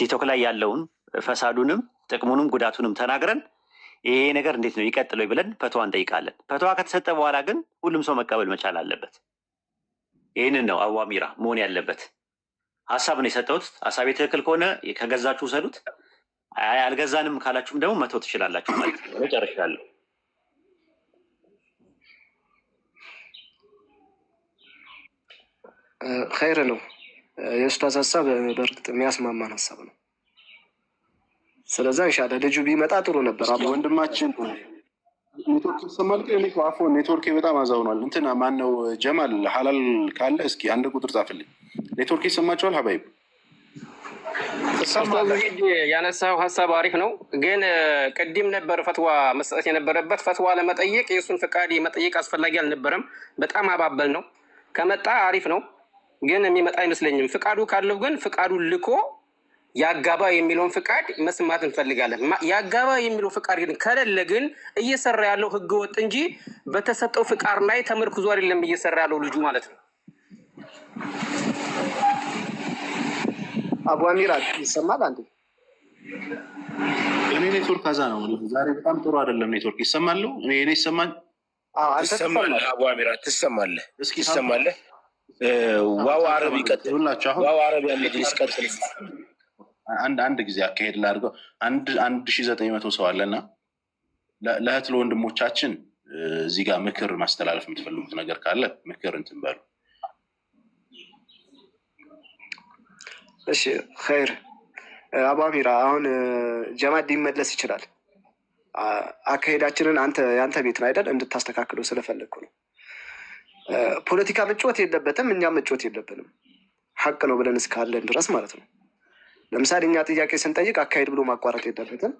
ቲክቶክ ላይ ያለውን ፈሳዱንም ጥቅሙንም ጉዳቱንም ተናግረን ይሄ ነገር እንዴት ነው ይቀጥለው ብለን ፈትዋ እንጠይቃለን። ፈትዋ ከተሰጠ በኋላ ግን ሁሉም ሰው መቀበል መቻል አለበት። ይህንን ነው አዋሚራ መሆን ያለበት። ሀሳብ ነው የሰጠሁት። ሀሳብ ትክክል ከሆነ ከገዛችሁ ውሰዱት፣ አልገዛንም ካላችሁም ደግሞ መተው ትችላላችሁ ማለት ነው። ኸይር ነው። የእሱስ ሀሳብ በእርግጥ የሚያስማማን ሀሳብ ነው። ስለዛ እንሻለ ልጁ ቢመጣ ጥሩ ነበር። ወንድማችን ኔትወርክ ይሰማል። እኔ አፎ ኔትወርክ በጣም አዛውኗል። እንትን ማን ነው ጀማል ሀላል ካለ እስኪ አንድ ቁጥር ጻፍልኝ። ኔትወርክ ይሰማቸዋል። ሀባይብ ያነሳው ሀሳብ አሪፍ ነው፣ ግን ቅድም ነበር ፈትዋ መስጠት የነበረበት። ፈትዋ ለመጠየቅ የእሱን ፈቃድ መጠየቅ አስፈላጊ አልነበረም። በጣም አባበል ነው። ከመጣ አሪፍ ነው። ግን የሚመጣ አይመስለኝም። ፍቃዱ ካለው ግን ፍቃዱ ልኮ የአጋባ የሚለውን ፍቃድ መስማት እንፈልጋለን። የአጋባ የሚለው ፍቃድ ግን ከሌለ ግን እየሰራ ያለው ህገ ወጥ እንጂ በተሰጠው ፍቃድ ላይ ተመርክዞ አይደለም እየሰራ ያለው ልጁ ማለት ነው። አቡ አሚራ ይሰማል? አንዴ እኔ ኔትወርክ አዛ ነው። ዛሬ በጣም ጥሩ አይደለም ኔትወርክ። ይሰማለሁ እኔ ይሰማል። ይሰማል። አቡ አሚራ ትሰማለህ? እስኪ ይሰማለህ ዋው አረብ ይቀጥሉላቸው። አሁን ዋው አረቢያ መጅሊስ ቀጥል። አንድ አንድ ጊዜ አካሄድ ላድርገው። አንድ አንድ ሺ ዘጠኝ መቶ ሰው አለና ለእህት ለወንድሞቻችን እዚህ ጋር ምክር ማስተላለፍ የምትፈልጉት ነገር ካለ ምክር እንትን በሉ። እሺ ኸይር አቡ አሁን ጀማድ ሊመለስ ይችላል። አካሄዳችንን አንተ የአንተ ቤትን አይደል እንድታስተካክለው ስለፈለግኩ ነው። ፖለቲካ መጫወት የለበትም፣ እኛም መጫወት የለብንም። ሀቅ ነው ብለን እስካለን ድረስ ማለት ነው። ለምሳሌ እኛ ጥያቄ ስንጠይቅ አካሄድ ብሎ ማቋረጥ የለበትም።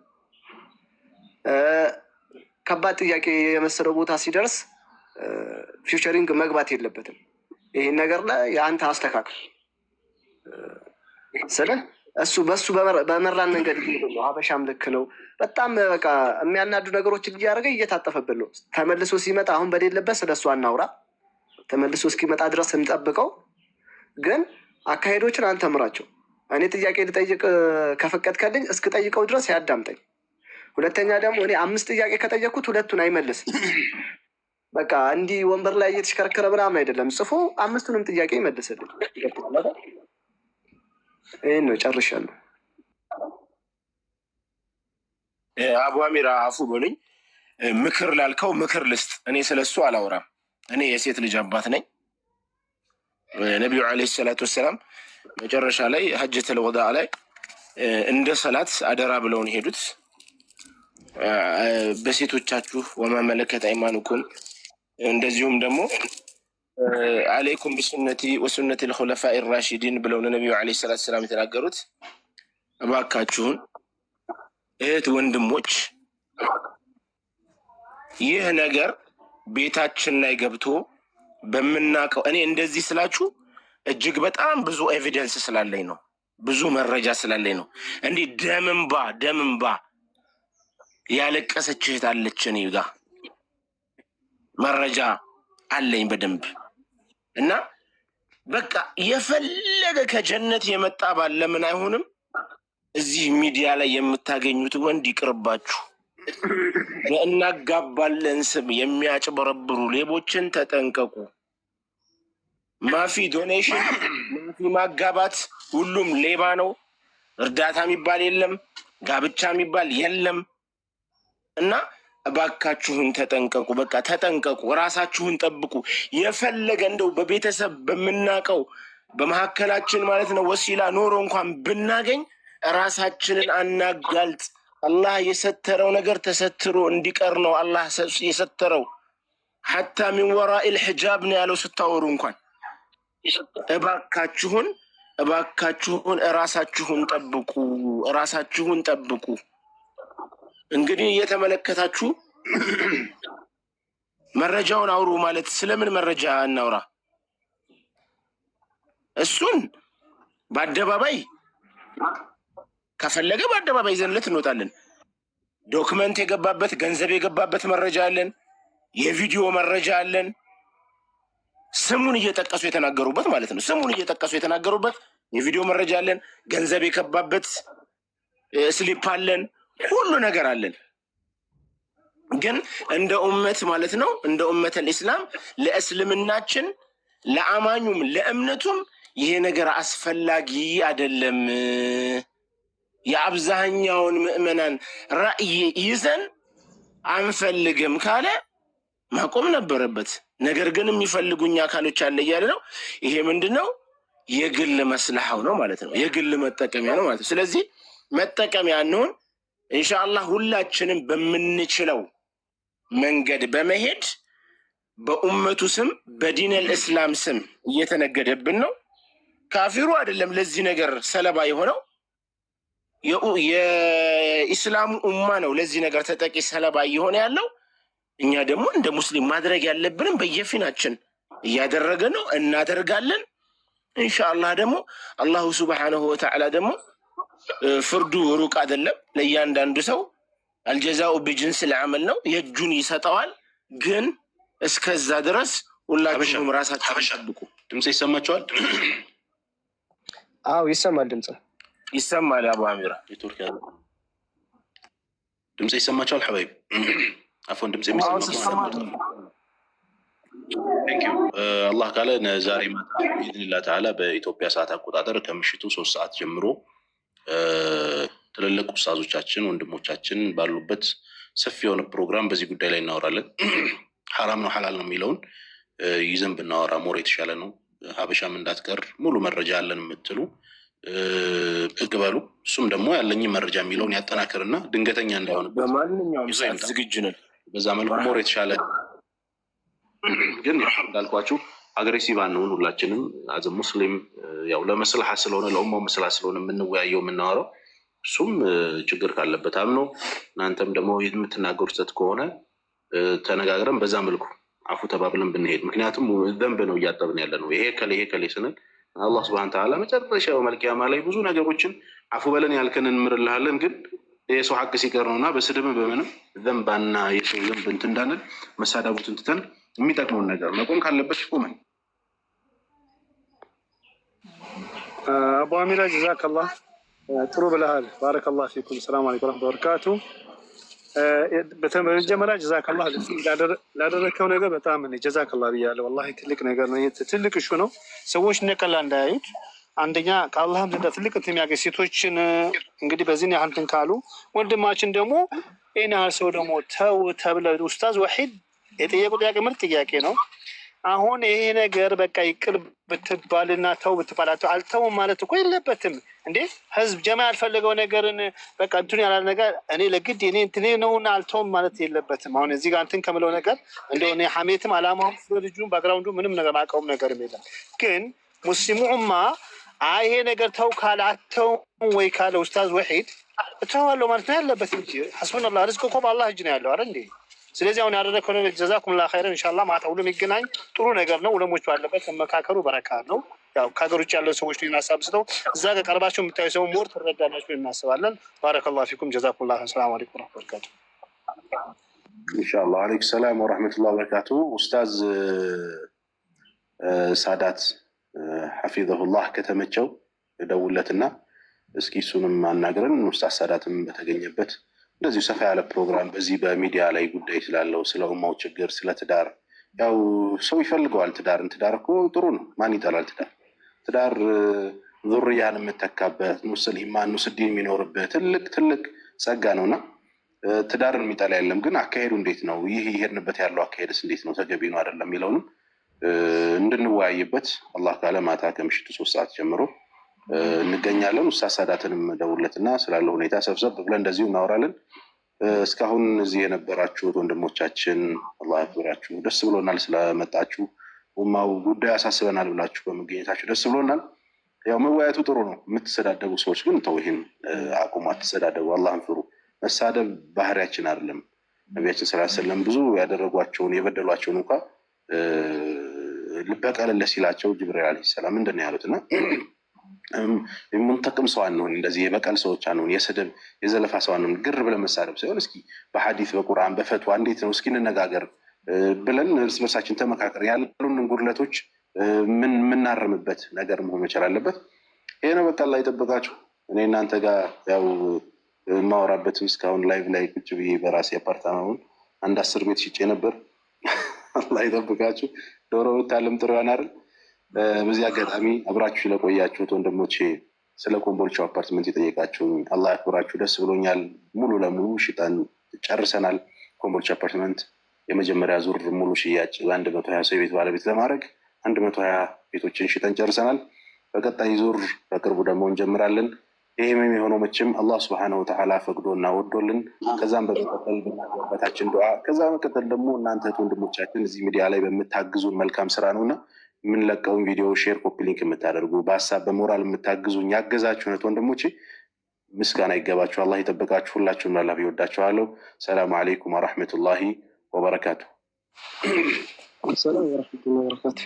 ከባድ ጥያቄ የመሰለው ቦታ ሲደርስ ፊውቸሪንግ መግባት የለበትም። ይህን ነገር ላይ የአንተ አስተካክል ስለ እሱ በሱ በመራን መንገድ ነው። ሀበሻም ልክ ነው። በጣም በቃ የሚያናዱ ነገሮችን እያደረገ እየታጠፈብን ነው። ተመልሶ ሲመጣ አሁን በሌለበት ስለሱ አናውራ። ተመልሶ እስኪመጣ ድረስ እንጠብቀው። ግን አካሄዶችን አንተምራቸው። እኔ ጥያቄ ልጠይቅ ከፈቀድከልኝ እስክጠይቀው ድረስ ያዳምጠኝ። ሁለተኛ ደግሞ እኔ አምስት ጥያቄ ከጠየቅኩት ሁለቱን አይመልስም። በቃ እንዲህ ወንበር ላይ እየተሽከረከረ ምናምን አይደለም፣ ጽፎ አምስቱንም ጥያቄ ይመልስልኝ። ይህን ነው ጨርሻለሁ። አቡ አሚራ አፉ በሉኝ። ምክር ላልከው ምክር ልስጥ። እኔ ስለሱ አላውራም። እኔ የሴት ልጅ አባት ነኝ። ነቢዩ ዓለይሂ ሰላቱ ወሰላም መጨረሻ ላይ ሀጀተል ላይ እንደ ሰላት አደራ ብለውን ሄዱት። በሴቶቻችሁ ወማመለከት አይማኑኩም እንደዚሁም ደግሞ አሌይኩም ብሱነቲ ወሱነት ልኮለፋ ራሺዲን ብለው ነቢዩ ዓለይሂ ሰላቱ ሰላም የተናገሩት እባካችሁን እህት ወንድሞች ይህ ነገር ቤታችን ላይ ገብቶ በምናውቀው እኔ እንደዚህ ስላችሁ እጅግ በጣም ብዙ ኤቪደንስ ስላለኝ ነው፣ ብዙ መረጃ ስላለኝ ነው። እንዲህ ደምንባ ደምንባ ያለቀሰች እህት አለች እኔ ጋ መረጃ አለኝ በደንብ እና በቃ የፈለገ ከጀነት የመጣ ባለምን አይሆንም። እዚህ ሚዲያ ላይ የምታገኙት ወንድ ይቅርባችሁ። በእናጋባለን ስም የሚያጭበረብሩ ሌቦችን ተጠንቀቁ። ማፊ ዶኔሽን፣ ማፊ ማጋባት፣ ሁሉም ሌባ ነው። እርዳታ የሚባል የለም፣ ጋብቻ የሚባል የለም። እና እባካችሁን ተጠንቀቁ። በቃ ተጠንቀቁ፣ እራሳችሁን ጠብቁ። የፈለገ እንደው በቤተሰብ በምናቀው በመካከላችን ማለት ነው ወሲላ ኖሮ እንኳን ብናገኝ እራሳችንን አናጋልጥ። አላህ የሰተረው ነገር ተሰትሮ እንዲቀር ነው። አላህ የሰተረው ሐታ ሚን ወራኢል ሒጃብ ነው ያለው። ስታወሩ እንኳን እባካችሁን እባካችሁን እራሳችሁን ጠብቁ፣ እራሳችሁን ጠብቁ። እንግዲህ እየተመለከታችሁ መረጃውን አውሩ ማለት ስለምን መረጃ እናውራ? እሱን በአደባባይ ከፈለገ በአደባባይ ይዘንለት እንወጣለን። ዶክመንት የገባበት ገንዘብ የገባበት መረጃ አለን። የቪዲዮ መረጃ አለን። ስሙን እየጠቀሱ የተናገሩበት ማለት ነው። ስሙን እየጠቀሱ የተናገሩበት የቪዲዮ መረጃ አለን። ገንዘብ የከባበት ስሊፕ አለን። ሁሉ ነገር አለን። ግን እንደ እመት ማለት ነው እንደ ኡመት ኢስላም ለእስልምናችን ለአማኙም ለእምነቱም ይሄ ነገር አስፈላጊ አይደለም። የአብዛኛውን ምዕመናን ራዕይ ይዘን አንፈልግም ካለ ማቆም ነበረበት። ነገር ግን የሚፈልጉኝ አካሎች አለ እያለ ነው። ይሄ ምንድን ነው? የግል መስልሐው ነው ማለት ነው። የግል መጠቀሚያ ነው ማለት ነው። ስለዚህ መጠቀሚያ እንሆን። ኢንሻአላህ ሁላችንም በምንችለው መንገድ በመሄድ በኡመቱ ስም በዲነል እስላም ስም እየተነገደብን ነው። ካፊሩ አይደለም ለዚህ ነገር ሰለባ የሆነው የኢስላሙ ኡማ ነው ለዚህ ነገር ተጠቂ ሰለባ እየሆነ ያለው። እኛ ደግሞ እንደ ሙስሊም ማድረግ ያለብንም በየፊናችን እያደረገ ነው፣ እናደርጋለን። እንሻአላህ ደግሞ አላሁ ሱብሓነሁ ወተዓላ ደግሞ ፍርዱ ሩቅ አይደለም። ለእያንዳንዱ ሰው አልጀዛኡ ቢጅንስ ለአመል ነው፣ የእጁን ይሰጠዋል። ግን እስከዛ ድረስ ሁላችሁም ራሳችሁ ጠብቁ። ድምፅ ይሰማችኋል? አዎ ይሰማል ድምፅ ይሰማል። አቡ አሚራ ኔትወርክ ያለ ድምፅ ይሰማቸዋል። ሐባይብ አፎን ድምፅ uh, አላህ ካለ ዛሬ ማታ ብኢዝንላ ተዓላ በኢትዮጵያ ሰዓት አቆጣጠር ከምሽቱ ሶስት ሰዓት ጀምሮ uh, ትልልቅ ውሳዞቻችን ወንድሞቻችን ባሉበት ሰፊ የሆነ ፕሮግራም በዚህ ጉዳይ ላይ እናወራለን። ሐራም ነው ሐላል ነው የሚለውን uh, ይዘን ብናወራ ሞር የተሻለ ነው። ሀበሻም እንዳትቀር ሙሉ መረጃ አለን የምትሉ ብድግ በሉ። እሱም ደግሞ ያለኝ መረጃ የሚለውን ያጠናክርና ድንገተኛ እንዳይሆንበት ዝግጁ ነን። በዛ መልኩ ሞር የተሻለ ግን እንዳልኳችሁ አግሬሲቭ አንሆን። ሁላችንም አዘ ሙስሊም ያው ለመስልሃ ስለሆነ ለኡማው መስልሃ ስለሆነ የምንወያየው የምናወራው እሱም ችግር ካለበት አምኖ እናንተም ደግሞ የምትናገሩ ስህተት ከሆነ ተነጋግረን በዛ መልኩ አፉ ተባብለን ብንሄድ፣ ምክንያቱም ዘንብ ነው እያጠብን ያለ ነው። ይሄ ከሌ ይሄ ከሌ ስንል አላህ ስብሐነ ተዓላ መጨረሻው መልቅያማ ላይ ብዙ ነገሮችን አፉ በለን ያልከን እንምርልሃለን። ግን የሰው ሀቅ ሲቀር ነውና በስድብም በምንም ዘንባና የሰው ዘንብ እንትን እንዳንል መሳዳቡትን ትተን የሚጠቅመውን ነገር መቆም ካለበት ይቆመን። አቡ አሚራ ጀዛከላህ ጥሩ ብለሃል። ባረከላህ ፊኩም። ሰላም አለይኩም ወረህመቱላሂ ወበረካቱ በመጀመሪያ ጀዛከላ ላደረከው ነገር በጣም እ ጀዛከላ ብያለሁ። ወላሂ ትልቅ ነገር ነው። ትልቅ እሹ ነው። ሰዎች ነቀላ እንዳያዩት አንደኛ ከአላህም ዘንዳ ትልቅ እንትን የሚያገኝ ሴቶችን እንግዲህ በዚህን ያህል እንትን ካሉ ወንድማችን ደግሞ ይህን ያህል ሰው ደግሞ ተው ተብለ ኡስታዝ ወሒድ የጠየቁ ጥያቄ ምርጥ ጥያቄ ነው። አሁን ይሄ ነገር በቃ ይቅር ብትባልና ተው ብትባላቸው አልተውም ማለት እኮ የለበትም እንዴ። ህዝብ ጀማ ያልፈለገው ነገርን በቃ እንትን ያላለ ነገር እኔ ለግድ እኔ እንትኔ ነውና አልተውም ማለት የለበትም። አሁን እዚህ ጋር እንትን ከምለው ነገር እንደ እኔ ሀሜትም አላማውም ልጁ ባግራውንዱ ምንም ነገር ማቀውም ነገርም የለም። ግን ሙስሊሙ ኡማ ይሄ ነገር ተው ካለ አተውም ወይ ካለ ኡስታዝ ወሒድ እተዋለሁ ማለት ነው ያለበት እንጂ ሐስቡን ላ ርዝቅ እኮ በአላህ እጅ ነው ያለው አረ እንዴ ስለዚህ አሁን ያደረግከው ነገር ጀዛኩምላ ኸይረን እንሻላ ማታ ሁሉ የሚገናኝ ጥሩ ነገር ነው። ዑለሞች ባለበት መመካከሉ በረካ ነው። ያው ከሀገር ውጭ ያለው ሰዎች ልናሳብ ስተው እዛ ጋር ቀርባቸው የምታዩ ሰው ሞር ትረዳላችሁ እናስባለን። ባረከላሁ ፊኩም ጀዛኩምላ ሰላም አለይኩም ረመቱላበረካቱ እንሻላ አለይኩም ሰላም ወረመቱላ በረካቱ። ኡስታዝ ሳዳት ሐፊዘሁላህ ከተመቸው ደውለትና እስኪ እሱንም አናግረን ኡስታዝ ሳዳትም በተገኘበት እንደዚሁ ሰፋ ያለ ፕሮግራም በዚህ በሚዲያ ላይ ጉዳይ ስላለው ስለ ኡማው ችግር፣ ስለ ትዳር ያው ሰው ይፈልገዋል ትዳርን። ትዳር እኮ ጥሩ ነው፣ ማን ይጠላል ትዳር? ትዳር ዙርያን የምተካበት ኑስል ማን ኑስዲን የሚኖርበት ትልቅ ትልቅ ጸጋ ነውና ትዳርን የሚጠላ የለም። ግን አካሄዱ እንዴት ነው? ይህ ይሄድንበት ያለው አካሄድስ እንዴት ነው? ተገቢ ነው አይደለም የሚለውንም እንድንወያይበት አላህ ካለ ማታ ከምሽቱ ሶስት ሰዓት ጀምሮ እንገኛለን። ውሳ ሳዳትንም ደውለትና ስላለ ሁኔታ ሰብሰብ ብለን እንደዚሁ እናወራለን። እስካሁን እዚህ የነበራችሁት ወንድሞቻችን አላህ ያክብራችሁ። ደስ ብሎናል ስለመጣችሁ። ማው ጉዳይ ያሳስበናል ብላችሁ በመገኘታችሁ ደስ ብሎናል። ያው መወያየቱ ጥሩ ነው። የምትሰዳደቡ ሰዎች ግን ተው፣ ይህን አቁሙ፣ አትሰዳደቡ፣ አላህን ፍሩ። መሳደብ ባህሪያችን አይደለም። ነቢያችን ስላ ስለም ብዙ ያደረጓቸውን የበደሏቸውን እንኳ ልበቀለለ ሲላቸው ጅብሪል አለ ሰላም ምንድን ነው ያሉት እና የምንጠቅም ሰው አንሆን። እንደዚህ የበቀል ሰዎች አንሆን፣ የስድብ የዘለፋ ሰው አንሆን። ግር ብለን መሳደብ ሳይሆን እስኪ በሐዲስ በቁርአን በፈትዋ እንዴት ነው እስኪ እንነጋገር ብለን እርስ በርሳችን ተመካከር ያሉንን ጉድለቶች የምናርምበት ነገር መሆን መቻል አለበት። ይሄ ነው በቃ ላይ ጠበቃችሁ። እኔ እናንተ ጋር ያው የማወራበትም እስካሁን ላይቭ ላይ ቁጭ ብዬ በራሴ አፓርታማውን አንድ አስር ቤት ሽጬ ነበር። ላይ ጠብቃችሁ ዶሮ ብታለም ጥሩ አይደል? በዚህ አጋጣሚ አብራችሁ ስለቆያችሁት ወንድሞቼ ስለ ኮምቦልቻው አፓርትመንት የጠየቃችሁ አላህ ያክብራችሁ። ደስ ብሎኛል። ሙሉ ለሙሉ ሽጠን ጨርሰናል። ኮምቦልቻ አፓርትመንት የመጀመሪያ ዙር ሙሉ ሽያጭ በአንድ መቶ ሀያ ሰው የቤት ባለቤት ለማድረግ አንድ መቶ ሀያ ቤቶችን ሽጠን ጨርሰናል። በቀጣይ ዙር በቅርቡ ደግሞ እንጀምራለን። ይህም የሆነው መቼም አላህ ስብሐነሁ ወተዓላ ፈቅዶ እና ወዶልን ከዛም በመቀጠል በታችን ዱዓ ከዛ በመቀጠል ደግሞ እናንተ ወንድሞቻችን እዚህ ሚዲያ ላይ በምታግዙን መልካም ስራ ነውና የምንለቀውን ቪዲዮ ሼር፣ ኮፒ ሊንክ የምታደርጉ በሀሳብ በሞራል የምታግዙኝ ያገዛችሁ እህት ወንድሞቼ ምስጋና ይገባችሁ። አላህ ይጠብቃችሁ። ሁላችሁም ላላፍ ይወዳችኋለሁ። ሰላሙ አለይኩም ወረሕመቱላሂ ወበረካቱ። ሰላም ወረሕመቱላሂ ወበረካቱ።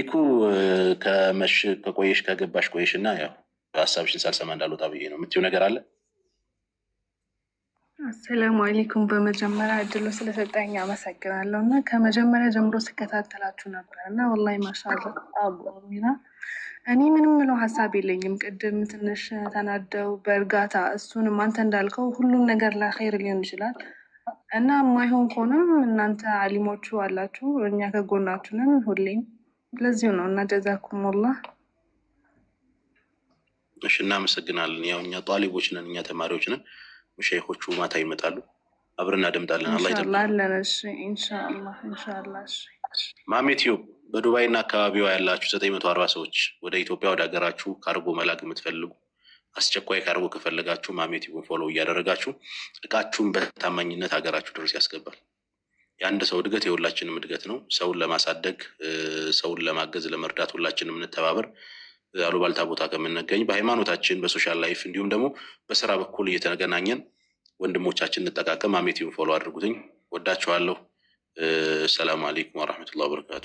ኢኩ ከመሽ ከቆየሽ ከገባሽ ቆየሽ እና ያው ሀሳብሽን ሳልሰማ እንዳልወጣ ብዬ ነው። የምትይው ነገር አለ? አሰላሙ አሌይኩም። በመጀመሪያ እድሉ ስለሰጠኝ አመሰግናለሁ እና ከመጀመሪያ ጀምሮ ስከታተላችሁ ነበር እና ወላሂ ማሻአላህ ሚና እኔ ምንም ምለው ሀሳብ የለኝም። ቅድም ትንሽ ተናደው በእርጋታ እሱንም አንተ እንዳልከው ሁሉም ነገር ለኸይር ሊሆን ይችላል እና የማይሆን ከሆነም እናንተ አሊሞቹ አላችሁ፣ እኛ ከጎናችሁ ነን ሁሌም። ለዚሁ ነው እና ጀዛኩሙላህ። እሺ እናመሰግናለን። ያው እኛ ጣሊቦች ነን፣ እኛ ተማሪዎች ነን። ሸይኮቹ ማታ ይመጣሉ። አብረን እናደምጣለን። አላ ማሜትዮ በዱባይ እና አካባቢዋ ያላችሁ ዘጠኝ መቶ አርባ ሰዎች ወደ ኢትዮጵያ ወደ ሀገራችሁ ካርጎ መላክ የምትፈልጉ አስቸኳይ ካርጎ ከፈለጋችሁ ማሜትዮን ፎሎ እያደረጋችሁ እቃችሁን በታማኝነት ሀገራችሁ ድረስ ያስገባል። የአንድ ሰው እድገት የሁላችንም እድገት ነው። ሰውን ለማሳደግ ሰውን ለማገዝ ለመርዳት ሁላችንም እንተባበር። አሉባልታ ቦታ ከምንገኝ በሃይማኖታችን በሶሻል ላይፍ እንዲሁም ደግሞ በስራ በኩል እየተገናኘን ወንድሞቻችን እንጠቃቀም። አሜቲውን ፎሎ አድርጉትኝ። ወዳችኋለሁ። ሰላም አሌይኩም ወረሕመቱላሂ በረካቱ።